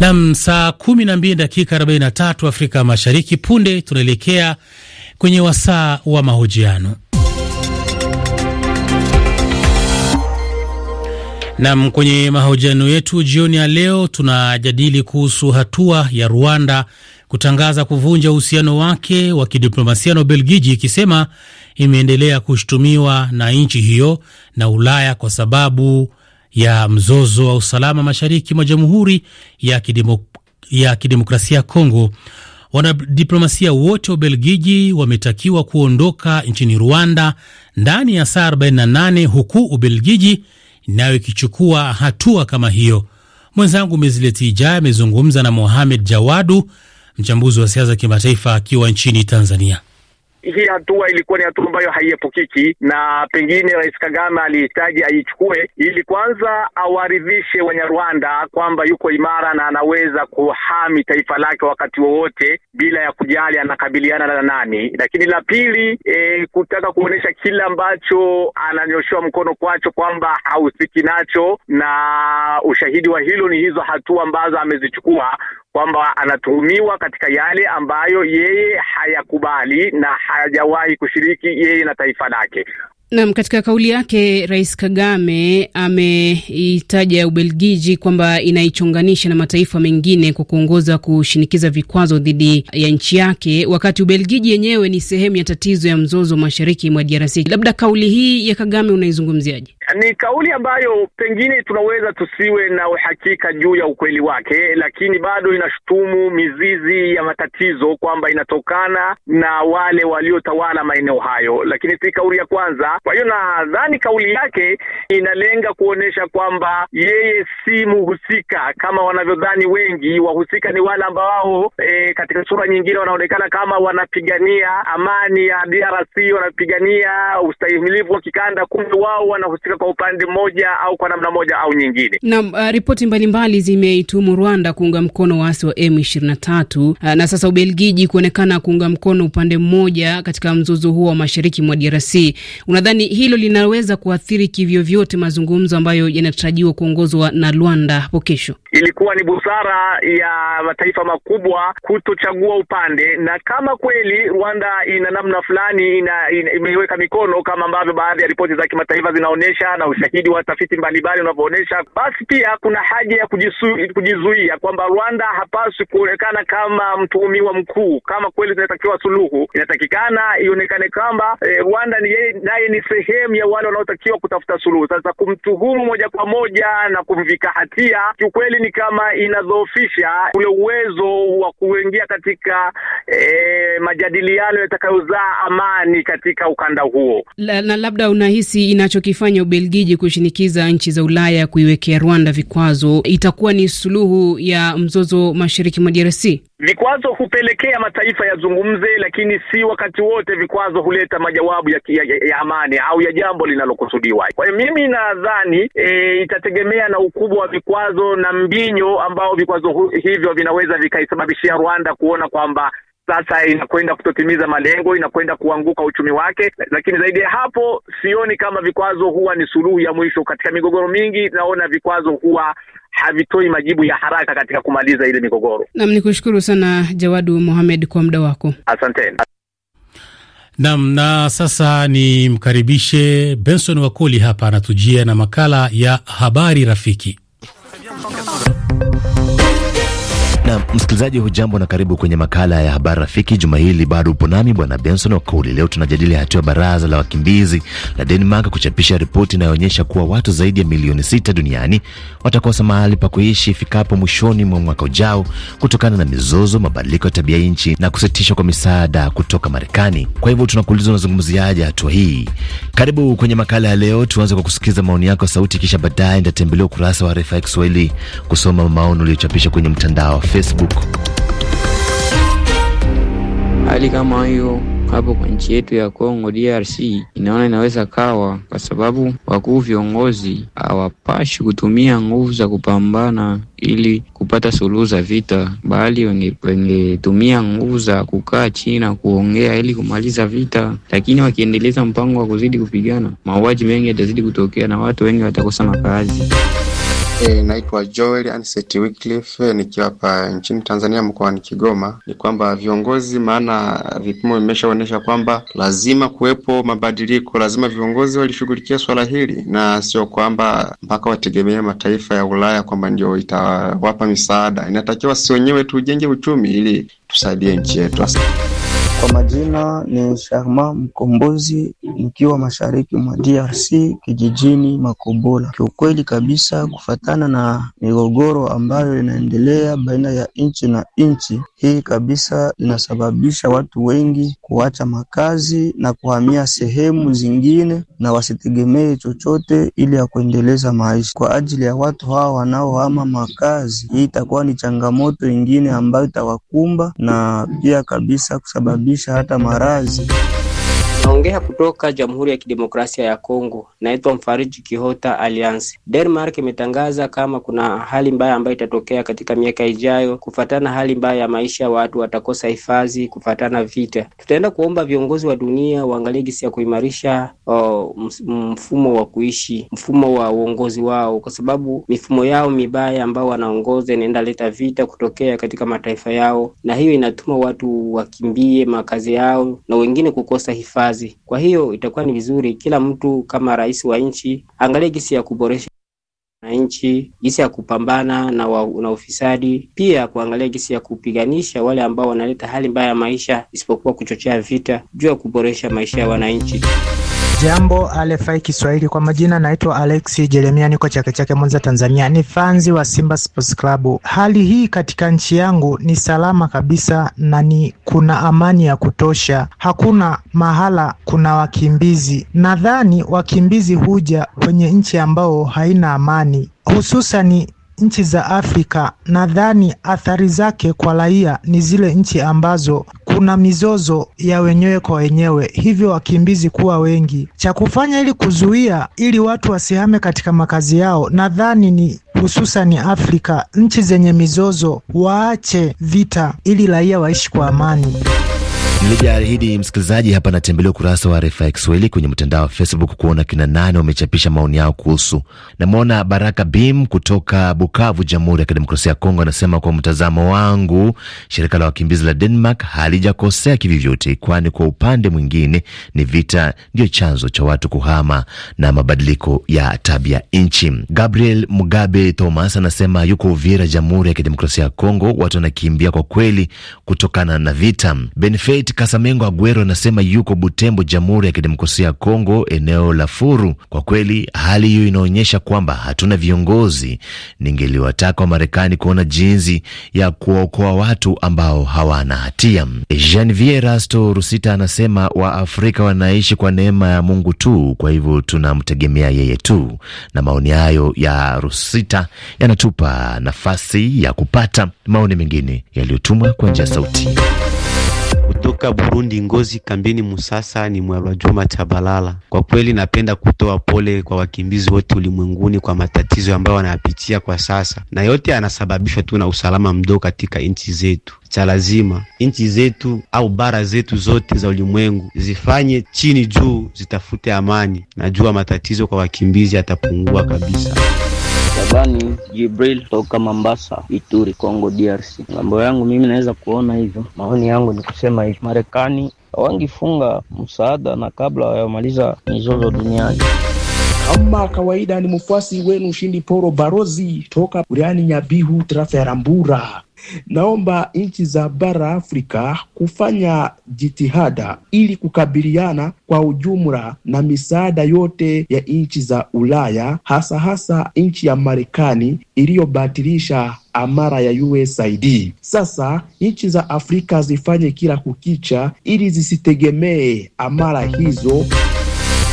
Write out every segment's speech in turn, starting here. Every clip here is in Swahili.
Nam, saa kumi na mbili dakika arobaini na tatu Afrika Mashariki. Punde tunaelekea kwenye wasaa wa mahojiano. Nam, kwenye mahojiano yetu jioni ya leo tunajadili kuhusu hatua ya Rwanda kutangaza kuvunja uhusiano wake wa kidiplomasia na Ubelgiji, ikisema imeendelea kushutumiwa na nchi hiyo na Ulaya kwa sababu ya mzozo wa usalama mashariki mwa Jamhuri ya, kidemo, ya Kidemokrasia ya Kongo. Wanadiplomasia wote wa Ubelgiji wametakiwa kuondoka nchini Rwanda ndani ya saa 48 huku Ubelgiji nayo ikichukua hatua kama hiyo. Mwenzangu Mezileti Ijaya amezungumza na Mohamed Jawadu, mchambuzi wa siasa kimataifa, akiwa nchini Tanzania hii hatua ilikuwa ni hatua ambayo haiepukiki, na pengine Rais Kagame alihitaji aichukue ili kwanza awaridhishe Wanyarwanda kwamba yuko imara na anaweza kuhami taifa lake wakati wowote bila ya kujali anakabiliana na nani. Lakini la pili, e, kutaka kuonyesha kile ambacho ananyoshewa mkono kwacho kwamba hahusiki nacho, na ushahidi wa hilo ni hizo hatua ambazo amezichukua kwamba anatuhumiwa katika yale ambayo yeye hayakubali na hajawahi kushiriki yeye na taifa lake. nam katika kauli yake Rais Kagame ameitaja Ubelgiji kwamba inaichonganisha na mataifa mengine kwa kuongoza kushinikiza vikwazo dhidi ya nchi yake, wakati Ubelgiji yenyewe ni sehemu ya tatizo ya mzozo mashariki mwa DRC. Labda kauli hii ya Kagame unaizungumziaje? ni kauli ambayo pengine tunaweza tusiwe na uhakika juu ya ukweli wake, lakini bado inashutumu mizizi ya matatizo kwamba inatokana na wale waliotawala maeneo hayo, lakini si kauli ya kwanza. Kwa hiyo nadhani kauli yake inalenga kuonyesha kwamba yeye si mhusika kama wanavyodhani wengi. Wahusika ni wale ambao e, katika sura nyingine wanaonekana kama wanapigania amani ya DRC, wanapigania ustahimilivu wa kikanda, kumbe wao wanahusika kwa upande mmoja au kwa namna moja au nyingine. Naam, uh, ripoti mbalimbali zimeitumu Rwanda kuunga mkono waasi wa M23, uh, na sasa Ubelgiji kuonekana kuunga mkono upande mmoja katika mzozo huo wa mashariki mwa DRC. Unadhani hilo linaweza kuathiri kivyovyote mazungumzo ambayo yanatarajiwa kuongozwa na Rwanda hapo kesho? Ilikuwa ni busara ya mataifa makubwa kutochagua upande, na kama kweli Rwanda ina namna fulani ina, ina, imeiweka mikono kama ambavyo baadhi ya ripoti za kimataifa zinaonyesha na ushahidi wa tafiti mbalimbali unavyoonyesha, basi pia kuna haja ya kujizuia kwamba Rwanda hapaswi kuonekana kama mtuhumiwa mkuu. Kama kweli zinatakiwa suluhu, inatakikana ionekane kwamba e, Rwanda ni yeye naye ni sehemu ya wale wanaotakiwa kutafuta suluhu. Sasa kumtuhumu moja kwa moja na kumvika hatia, kiukweli ni kama inadhoofisha ule uwezo wa kuingia katika e, majadiliano yatakayozaa amani katika ukanda huo. na labda unahisi inachokifanya ube Ubelgiji kushinikiza nchi za Ulaya kuiwekea Rwanda vikwazo itakuwa ni suluhu ya mzozo mashariki mwa DRC? Vikwazo hupelekea mataifa yazungumze, lakini si wakati wote vikwazo huleta majawabu ya, ya, ya amani au ya jambo linalokusudiwa. Kwa hiyo mimi nadhani e, itategemea na ukubwa wa vikwazo na mbinyo ambao vikwazo hivyo vinaweza vikaisababishia Rwanda kuona kwamba sasa inakwenda kutotimiza malengo, inakwenda kuanguka uchumi wake. Lakini zaidi ya hapo, sioni kama vikwazo huwa ni suluhu ya mwisho katika migogoro mingi. Naona vikwazo huwa havitoi majibu ya haraka katika kumaliza ile migogoro. Nam ni kushukuru sana Jawadu Mohamed kwa muda wako, asanteni. Nam na sasa ni mkaribishe Benson Wakoli hapa anatujia na makala ya habari rafiki na msikilizaji, hujambo na karibu kwenye makala ya habari rafiki. Juma hili bado upo nami bwana Benson Wakuli. Leo tunajadili hatua baraza la wakimbizi la Denmark kuchapisha ripoti inayoonyesha kuwa watu zaidi ya milioni sita duniani watakosa mahali pa kuishi ifikapo mwishoni mwa mwaka ujao kutokana na mizozo, mabadiliko ya tabia nchi na kusitishwa kwa misaada kutoka Marekani. Kwa hivyo tunakuuliza, unazungumziaje hatua hii? Karibu kwenye makala ya leo. Tuanze kwa kusikiliza maoni yako sauti, kisha baadaye nitatembelea ukurasa wa RFI Kiswahili kusoma maoni uliochapisha kwenye mtandao wa Facebook. Hali kama hiyo hapo kwa nchi yetu ya Kongo DRC inaona inaweza kawa kwa sababu wakuu viongozi hawapashi kutumia nguvu za kupambana ili kupata suluhu za vita, bali wangetumia nguvu za kukaa chini na kuongea ili kumaliza vita. Lakini wakiendeleza mpango wa kuzidi kupigana, mauaji mengi yatazidi kutokea na watu wengi watakosa makazi. E, naitwa Joel Anset Wycliffe eh, nikiwa hapa nchini Tanzania mkoani Kigoma. Ni kwamba viongozi, maana vipimo vimeshaonyesha kwamba lazima kuwepo mabadiliko, lazima viongozi walishughulikia swala hili, na sio kwamba mpaka wategemee mataifa ya Ulaya kwamba ndio itawapa misaada. Inatakiwa si wenyewe tujenge uchumi ili tusaidie nchi yetu. Kwa majina ni Sharma Mkombozi, nikiwa mashariki mwa DRC kijijini Makobola. Kiukweli kabisa, kufatana na migogoro ambayo inaendelea baina ya nchi na nchi, hii kabisa inasababisha watu wengi kuacha makazi na kuhamia sehemu zingine, na wasitegemee chochote ili ya kuendeleza maisha. Kwa ajili ya watu hawa wanaohama makazi, hii itakuwa ni changamoto ingine ambayo itawakumba na pia kabisa kusababisha kusababisha hata maradhi. Naongea kutoka Jamhuri ya Kidemokrasia ya Kongo. Naitwa Mfariji Kihota Alliance. Denmark imetangaza kama kuna hali mbaya ambayo itatokea katika miaka ijayo, kufatana hali mbaya ya maisha, watu watakosa hifadhi kufatana vita. Tutaenda kuomba viongozi wa dunia waangalie gisi ya kuimarisha oh, mfumo wa kuishi, mfumo wa uongozi wao, kwa sababu mifumo yao mibaya ambao wanaongoza inaenda leta vita kutokea katika mataifa yao, na hiyo inatuma watu wakimbie makazi yao na wengine kukosa hifadhi. Kwa hiyo itakuwa ni vizuri kila mtu kama rais wa nchi angalie jinsi ya kuboresha wananchi, jinsi ya kupambana na, wa, na ufisadi, pia kuangalia jinsi ya kupiganisha wale ambao wanaleta hali mbaya ya maisha, isipokuwa kuchochea vita juu ya kuboresha maisha ya wananchi. Jambo RFI Kiswahili, kwa majina naitwa Alex Jeremia, niko Chake Chake, Mwanza, Tanzania. Ni fanzi wa Simba Sports Club. Hali hii katika nchi yangu ni salama kabisa na ni kuna amani ya kutosha, hakuna mahala kuna wakimbizi. Nadhani wakimbizi huja kwenye nchi ambao haina amani, hususani nchi za Afrika, nadhani athari zake kwa raia ni zile nchi ambazo kuna mizozo ya wenyewe kwa wenyewe, hivyo wakimbizi kuwa wengi. Cha kufanya ili kuzuia, ili watu wasihame katika makazi yao, nadhani ni hususani Afrika, nchi zenye mizozo waache vita, ili raia waishi kwa amani. Nilijaahidi msikilizaji hapa, natembelea ukurasa wa RFI Kiswahili kwenye mtandao wa Facebook kuona kina nane wamechapisha maoni yao kuhusu. Namwona Baraka Bim kutoka Bukavu, Jamhuri ya Kidemokrasia ya Kongo, anasema kwa mtazamo wangu, shirika la wakimbizi la Denmark halijakosea kivyovyote, kwani kwa upande mwingine ni vita ndiyo chanzo cha watu kuhama na mabadiliko ya tabia nchi. Gabriel Mugabe Thomas anasema yuko Uvira, Jamhuri ya Kidemokrasia ya Kongo, watu wanakimbia kwa kweli kutokana na vita Benefit Kasamengo Agwero anasema yuko Butembo, Jamhuri ya Kidemokrasia ya Kongo, eneo la Furu. Kwa kweli hali hiyo inaonyesha kwamba hatuna viongozi. Ningeliwataka Wamarekani kuona jinsi ya kuwaokoa watu ambao hawana hatia. Janvier Rasto Rusita anasema Waafrika wanaishi kwa neema ya Mungu tu, kwa hivyo tunamtegemea yeye tu. Na maoni hayo ya Rusita yanatupa nafasi ya kupata maoni mengine yaliyotumwa kwa njia sauti. Toka Burundi, Ngozi kambini Musasa, ni Mwalwa Juma Chabalala. Kwa kweli napenda kutoa pole kwa wakimbizi wote ulimwenguni kwa matatizo ambayo wanayapitia kwa sasa, na yote yanasababishwa tu na usalama mdogo katika nchi zetu. Cha lazima nchi zetu au bara zetu zote za ulimwengu zifanye chini juu, zitafute amani. Najua matatizo kwa wakimbizi yatapungua kabisa. Shabani Jibril toka Mambasa, Ituri, Congo DRC. Ngambo yangu mimi naweza kuona hivyo, maoni yangu ni kusema hivi, Marekani wangifunga msaada na kabla wayamaliza mizozo duniani. ama kawaida ni mfuasi wenu Ushindi Poro Barozi toka Buriani Nyabihu, tarafa ya Rambura. Naomba nchi za bara Afrika kufanya jitihada ili kukabiliana kwa ujumla na misaada yote ya nchi za Ulaya, hasa hasa nchi ya Marekani iliyobatilisha amara ya USAID. Sasa nchi za Afrika zifanye kila kukicha ili zisitegemee amara hizo.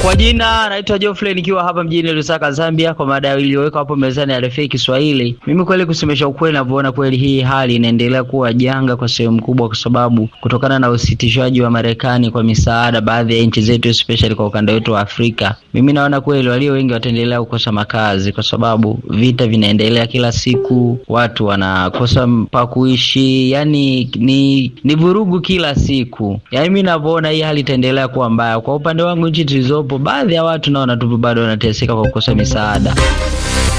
Kwa jina naitwa Geoffrey nikiwa hapa mjini Lusaka, Zambia, kwa mada iliyowekwa hapo mezani ya RFI Kiswahili. Mimi kweli, kusemesha ukweli, navyoona kweli hii hali inaendelea kuwa janga kwa sehemu kubwa, kwa sababu kutokana na usitishwaji wa Marekani kwa misaada baadhi ya nchi zetu, especially kwa ukanda wetu wa Afrika, mimi naona kweli walio wengi wataendelea kukosa makazi, kwa sababu vita vinaendelea kila siku, watu wanakosa pa kuishi, yani ni ni vurugu kila siku. Yani mimi ninavyoona hii hali itaendelea kuwa mbaya. Kwa upande wangu nchi tulizo ambapo baadhi ya watu naona tupo bado wanateseka kwa kukosa misaada.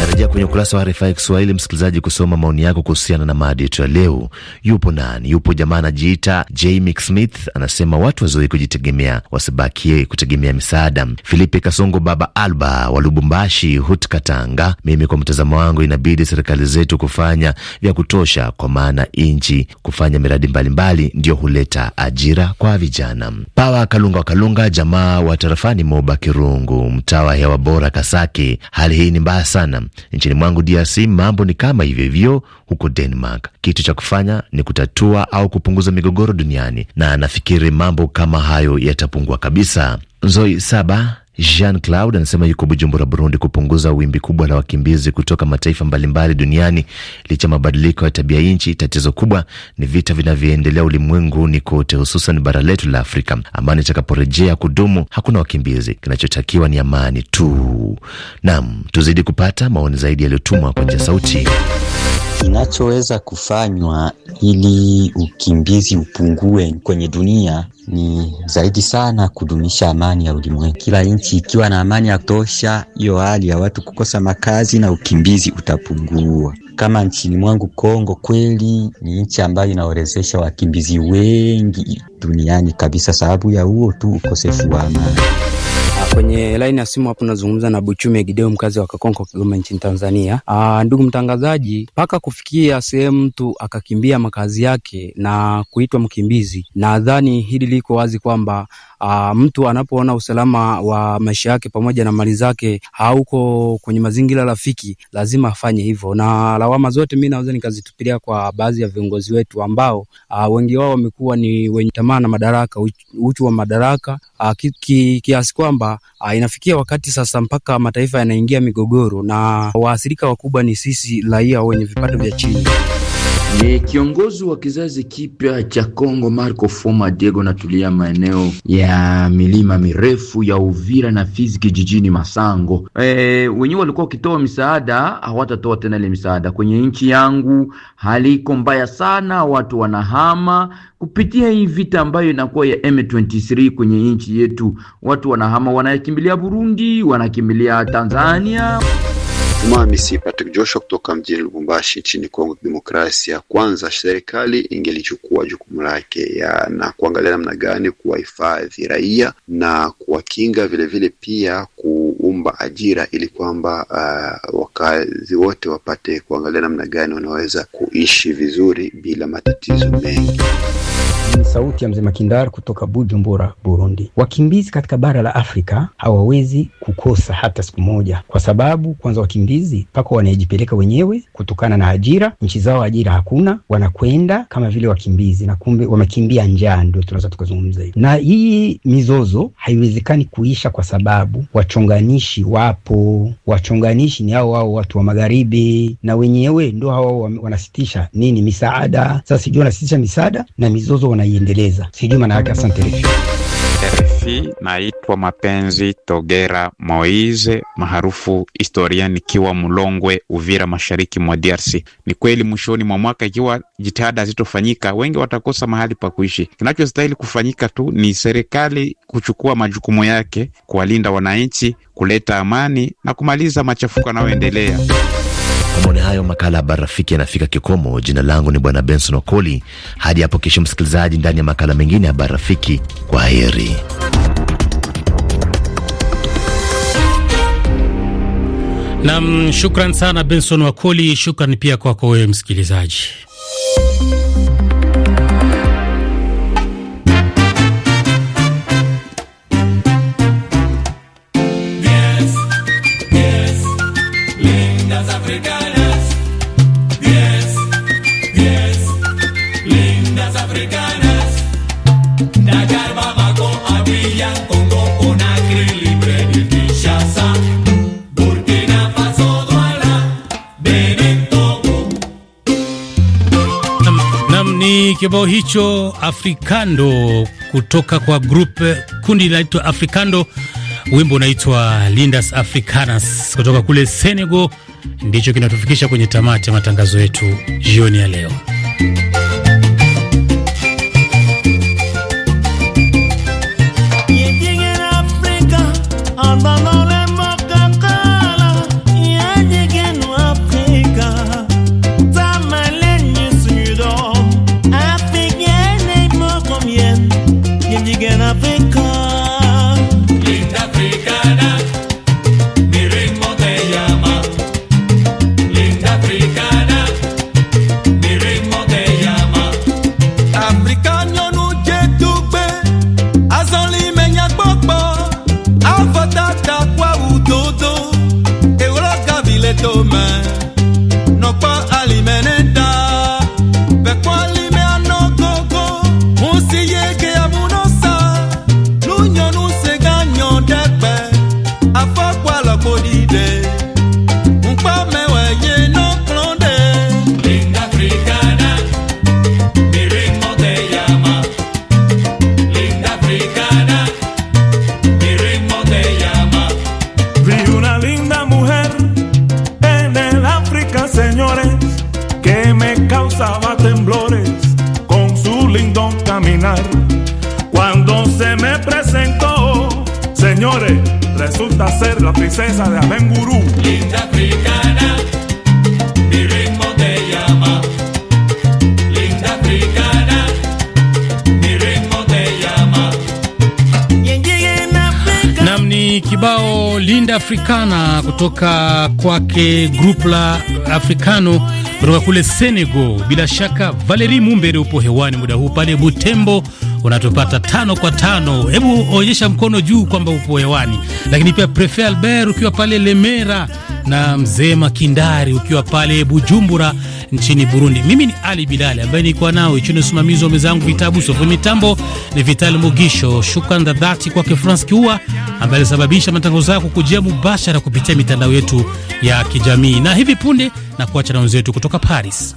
Narejea kwenye ukurasa wa RFI Kiswahili, msikilizaji, kusoma maoni yako kuhusiana na mada yetu ya leo. Yupo nani? Yupo jamaa anajiita Jamie Smith, anasema watu wazoe kujitegemea, wasibakie kutegemea misaada. Filipe Kasongo, baba Alba wa Lubumbashi, Hutkatanga, mimi kwa mtazamo wangu, inabidi serikali zetu kufanya vya kutosha, kwa maana nchi kufanya miradi mbalimbali ndiyo huleta ajira kwa vijana. Pawa Kalunga wakalunga jamaa wa tarafani Moba Kirungu, mtaa wa hewa bora Kasake, hali hii ni mbaya sana Nchini mwangu DRC mambo ni kama hivyo hivyo huko Denmark. Kitu cha kufanya ni kutatua au kupunguza migogoro duniani, na nafikiri mambo kama hayo yatapungua kabisa. Nzoi Saba Jean Claude anasema yuko Bujumbura, Burundi, kupunguza wimbi kubwa la wakimbizi kutoka mataifa mbalimbali duniani licha mabadiliko ya tabia nchi. Tatizo kubwa ni vita vinavyoendelea ulimwenguni kote, hususan bara letu la Afrika. Amani itakaporejea kudumu, hakuna wakimbizi, kinachotakiwa ni amani tu. Nam, tuzidi kupata maoni zaidi yaliyotumwa kwa njia sauti. Kinachoweza kufanywa ili ukimbizi upungue kwenye dunia ni zaidi sana kudumisha amani ya ulimwengu. Kila nchi ikiwa na amani ya kutosha, hiyo hali ya watu kukosa makazi na ukimbizi utapungua. Kama nchini mwangu Kongo, kweli ni nchi ambayo inaorezesha wakimbizi wengi duniani kabisa, sababu ya huo tu ukosefu wa amani. Kwenye laini ya simu hapo nazungumza na Buchume Gideo, mkazi wa Kakonko, Kigoma nchini Tanzania. Aa, ah, ndugu mtangazaji, mpaka kufikia sehemu mtu akakimbia makazi yake na kuitwa mkimbizi, nadhani hili liko wazi kwamba aa, ah, mtu anapoona usalama wa maisha yake pamoja na mali zake hauko kwenye mazingira rafiki, lazima afanye hivyo, na lawama zote mi naweza nikazitupilia kwa baadhi ya viongozi wetu ambao ah, wengi wao wamekuwa ni wenye tamaa na madaraka, uchu wa madaraka ah, kiasi ki kwamba inafikia wakati sasa mpaka mataifa yanaingia migogoro na waathirika wakubwa ni sisi raia wenye vipato vya chini. Ni kiongozi wa kizazi kipya cha Kongo Marco Foma Diego natulia maeneo ya milima mirefu ya Uvira na fiziki jijini Masango. E, wenyewe walikuwa wakitoa misaada, hawatatoa tena ile misaada. Kwenye nchi yangu hali iko mbaya sana, watu wanahama kupitia hii vita ambayo inakuwa ya M23 kwenye nchi yetu. Watu wanahama, wanakimbilia Burundi, wanakimbilia Tanzania. Alhamisi Patrick Joshua kutoka mjini Lubumbashi nchini Kongo Demokrasia. Kwanza serikali ingelichukua jukumu lake na kuangalia namna gani kuwahifadhi raia na kuwakinga, vilevile pia kuumba ajira ili kwamba uh, wakazi wote wapate kuangalia namna gani wanaweza kuishi vizuri bila matatizo mengi. Sauti ya mzee Makindar kutoka Bujumbura, Burundi. Wakimbizi katika bara la Afrika hawawezi kukosa hata siku moja, kwa sababu kwanza wakimbizi wakimbizi mpaka wanajipeleka wenyewe kutokana na ajira, nchi zao ajira hakuna, wanakwenda kama vile wakimbizi, na kumbe wamekimbia njaa. Ndio tunaweza tukazungumza hivi, na hii mizozo haiwezekani kuisha kwa sababu wachonganishi wapo. Wachonganishi ni hao wao watu wa magharibi, na wenyewe ndio hao wanasitisha nini misaada. Sasa sijui wanasitisha misaada na mizozo wanaiendeleza, sijui maana yake. Asante. Mwenyekiti, naitwa Mapenzi Togera Moize maarufu Historia, nikiwa Mlongwe, Uvira, mashariki mwa DRC. Ni kweli mwishoni mwa mwaka, ikiwa jitihada hazitofanyika, wengi watakosa mahali pa kuishi. Kinachostahili kufanyika tu ni serikali kuchukua majukumu yake, kuwalinda wananchi, kuleta amani na kumaliza machafuko yanayoendelea. Maoni hayo, makala ya Habari Rafiki yanafika kikomo. Jina langu ni Bwana Benson Okoli. Hadi hapo kesho, msikilizaji, ndani ya makala mengine ya Habari Rafiki. Kwa heri. Nam, shukran sana Benson Wakoli. Shukran pia kwako wewe msikilizaji. kibao hicho Afrikando kutoka kwa group kundi linaloitwa Afrikando, wimbo unaitwa Lindas Africanas kutoka kule Senegal. Ndicho kinatufikisha kwenye tamati ya matangazo yetu jioni ya leo. Toma causaba temblores con su lindo caminar. Cuando se me presentó, señores, resulta ser la princesa de Abengurú. Linda africana, mi ritmo te llama. Linda africana, mi ritmo te llama. Namni kibao Linda Africana kutoka kwake grupla la Africano kutoka kule Senegal. Bila shaka Valeri Mumbere upo hewani muda huu pale Butembo unatupata tano kwa tano. Hebu onyesha mkono juu kwamba upo hewani. Lakini pia Prefe Albert ukiwa pale Lemera na mzee Makindari ukiwa pale Bujumbura nchini Burundi. Mimi ni Ali Bilali ambaye nilikuwa nao chini usimamizi wa mezangu vitabu sofu mitambo ni Vital Mugisho. Shukrani za dhati kwake France Kiua ambaye alisababisha matangazo yako kujia mubashara kupitia mitandao yetu ya kijamii, na hivi punde na kuacha na wenzetu kutoka Paris.